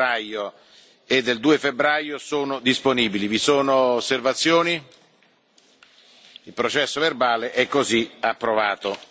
febbraio e del due febbraio sono disponibili. vi sono osservazioni? il processo verbale è così approvato.